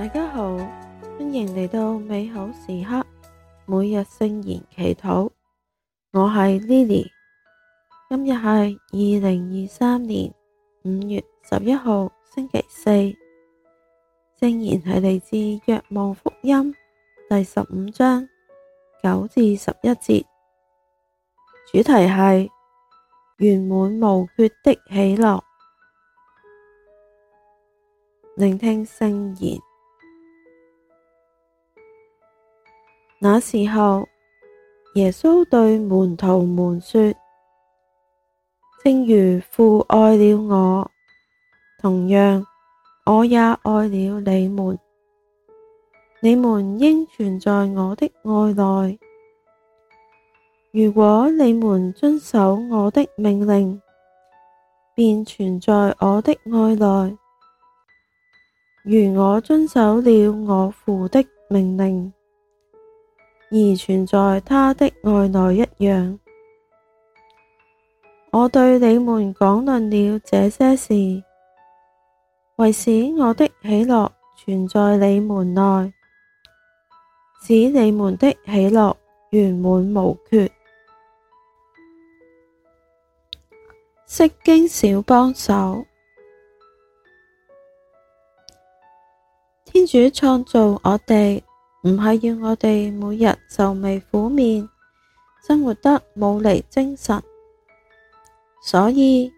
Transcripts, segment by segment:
大家好，歡迎嚟到美好時刻，每日聖言祈禱。我係 Lily，今日係二零二三年五月十一號星期四，聖言係嚟自《若望福音》第十五章九至十一節，主題係圓滿無缺的喜樂，聆聽聖言。那時候，耶穌對門徒們說：「正如父愛了我，同樣我也愛了你們。你們應存在我的愛內。如果你們遵守我的命令，便存在我的愛內。如我遵守了我父的命令，而存在他的愛內一樣，我對你們講論了這些事，為使我的喜樂存在你們內，使你們的喜樂圓滿無缺。釋經小幫手，天主創造我哋。唔係要我哋每日愁眉苦面，生活得冇厘精神。所以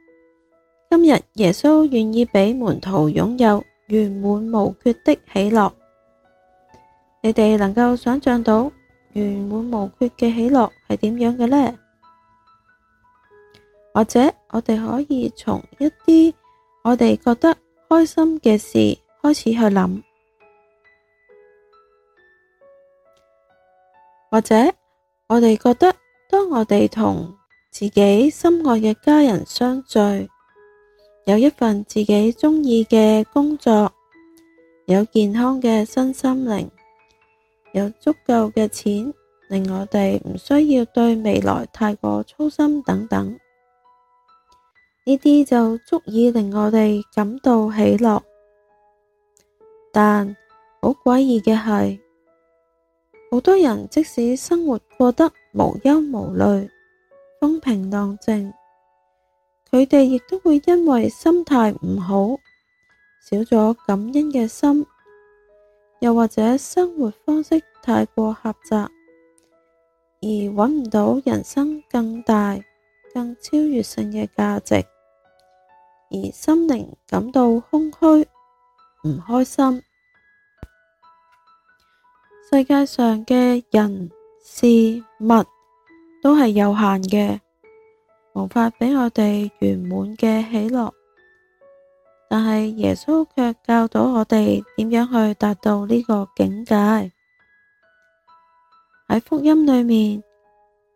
今日耶穌願意畀門徒擁有圓滿無缺的喜樂。你哋能夠想象到圓滿無缺嘅喜樂係點樣嘅呢？或者我哋可以從一啲我哋覺得開心嘅事開始去諗。或者我哋覺得，當我哋同自己心愛嘅家人相聚，有一份自己鍾意嘅工作，有健康嘅身心靈，有足夠嘅錢，令我哋唔需要對未來太過操心，等等，呢啲就足以令我哋感到喜樂。但好詭異嘅係。好多人即使生活過得無憂無慮、風平浪靜，佢哋亦都會因為心態唔好、少咗感恩嘅心，又或者生活方式太過狹窄，而揾唔到人生更大、更超越性嘅價值，而心靈感到空虛、唔開心。世界上嘅人事物都係有限嘅，無法畀我哋圓滿嘅喜樂。但係耶穌卻教導我哋點樣去達到呢個境界。喺福音裏面，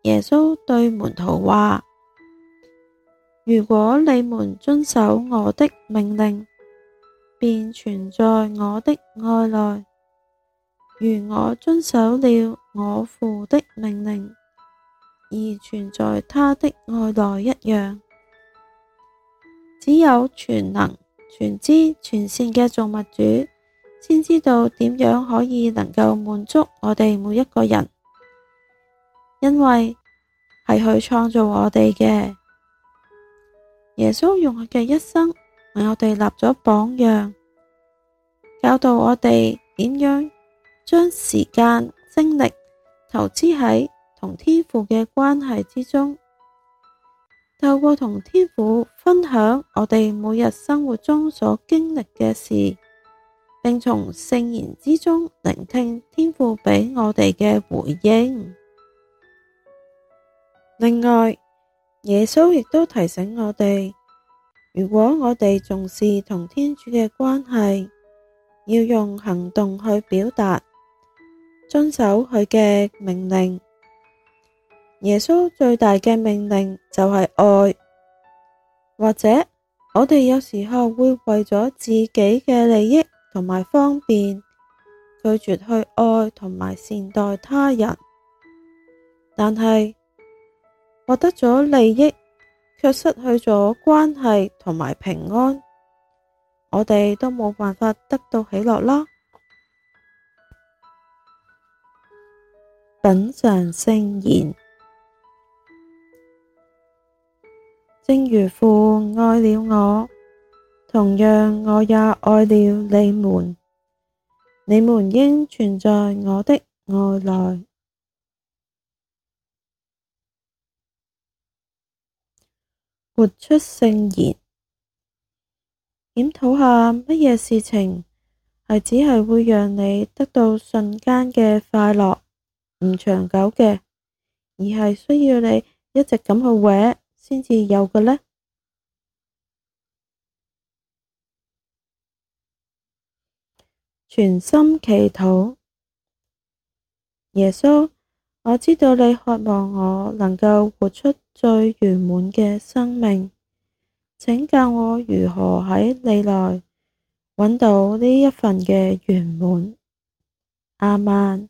耶穌對門徒話：「如果你們遵守我的命令，便存在我的愛內。」如我遵守了我父的命令而存在他的愛內一樣，只有全能、全知、全善嘅造物主先知道點樣可以能夠滿足我哋每一個人，因為係佢創造我哋嘅。耶穌用佢嘅一生為我哋立咗榜樣，教導我哋點樣。將時間、精力投資喺同天父嘅關係之中，透過同天父分享我哋每日生活中所經歷嘅事，並從聖言之中聆聽天父畀我哋嘅回應。另外，耶穌亦都提醒我哋，如果我哋重視同天主嘅關係，要用行動去表達。遵守佢嘅命令。耶穌最大嘅命令就係愛，或者我哋有時候會為咗自己嘅利益同埋方便，拒絕去愛同埋善待他人。但係獲得咗利益，卻失去咗關係同埋平安。我哋都冇辦法得到喜樂啦。品嚐聖言，正如父愛了我，同樣我也愛了你們。你們應存在我的愛內，活出聖言。檢討下乜嘢事情係只係會讓你得到瞬間嘅快樂？唔長久嘅，而係需要你一直咁去搲，先至有嘅呢。全心祈禱，耶穌，我知道你渴望我能夠活出最圓滿嘅生命，請教我如何喺你內揾到呢一份嘅圓滿。阿曼。